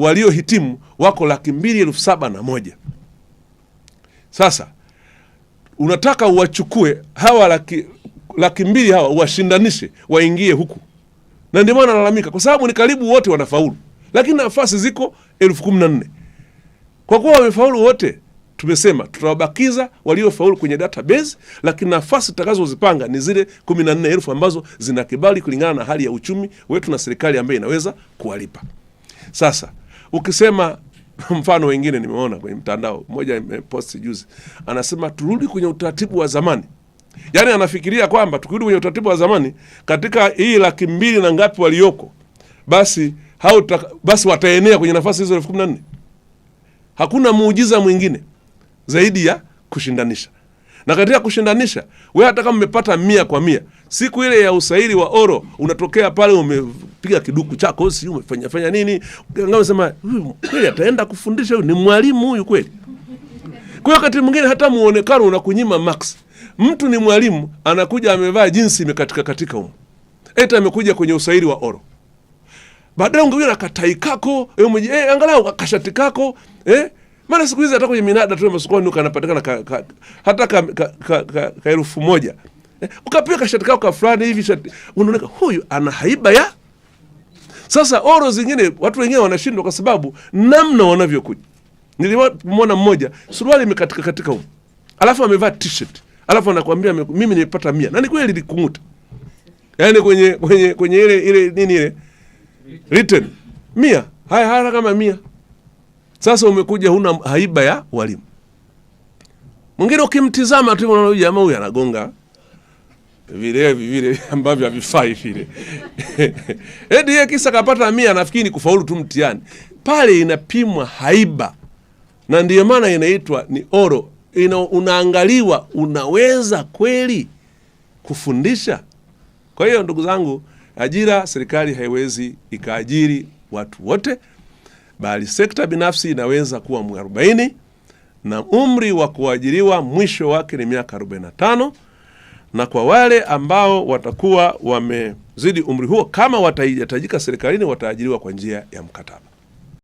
waliohitimu wako laki mbili elfu saba na moja. Sasa unataka uwachukue hawa laki, laki mbili hawa uwashindanishe waingie huku, na ndio maana nalalamika kwa sababu ni karibu wote wanafaulu, lakini nafasi ziko elfu kumi na nne. Kwa kuwa wamefaulu wote, tumesema tutawabakiza waliofaulu kwenye database, lakini nafasi tutakazozipanga ni zile kumi na nne elfu ambazo zina kibali kulingana na hali ya uchumi wetu na serikali ambayo inaweza kuwalipa sasa Ukisema mfano wengine nimeona kwenye mtandao mmoja imeposti juzi, anasema turudi kwenye utaratibu wa zamani. yani anafikiria kwamba tukirudi kwenye utaratibu wa zamani katika hii laki mbili na ngapi walioko, basi hauta, basi wataenea kwenye nafasi hizo elfu kumi na nne. Hakuna muujiza mwingine zaidi ya kushindanisha na katika kushindanisha, we hata kama mmepata mia kwa mia, siku ile ya usaili wa oro unatokea pale ume piga kiduku chako, si umefanya fanya nini? Ngao sema huyu kweli ataenda kufundisha, ni mwalimu huyu kweli. Kwa hiyo wakati mwingine hata muonekano unakunyima max. Mtu ni mwalimu, anakuja amevaa jinsi imekatika katika huko, eti amekuja kwenye usairi wa oro baadaye ungeona akatai kako kako eh, eh, angalau akashati kako eh. mara siku hizi hata kwenye minada tu masokoni ukanapatikana ka, ka, hata ka, ka, ka, ka, ka elfu moja eh, ukapiga kashati kako ka fulani hivi shati, unaoneka huyu ana haiba ya sasa oro zingine watu wengine wanashindwa kwa sababu namna wanavyokuja. Nilimwona mmoja suruali imekatika katika huko, alafu amevaa t alafu anakuambia mimi nimepata mia, na ni kweli likunguta, yaani kwenye kwenye kwenye ile ile nini ile written mia, haya hara kama mia. Sasa umekuja huna haiba ya walimu. Mwingine ukimtizama tu unaona jamaa huyu anagonga vile vile ambavyo havifai vile eti yeye kisa kapata mia, nafikiri kufaulu tu mtihani pale. Inapimwa haiba, na ndiyo maana inaitwa ni oro ina, unaangaliwa unaweza kweli kufundisha. Kwa hiyo ndugu zangu, ajira, serikali haiwezi ikaajiri watu wote, bali sekta binafsi inaweza kuwa mwarobaini na umri wa kuajiriwa mwisho wake ni miaka 45 na kwa wale ambao watakuwa wamezidi umri huo, kama watahitajika serikalini, wataajiriwa kwa njia ya mkataba.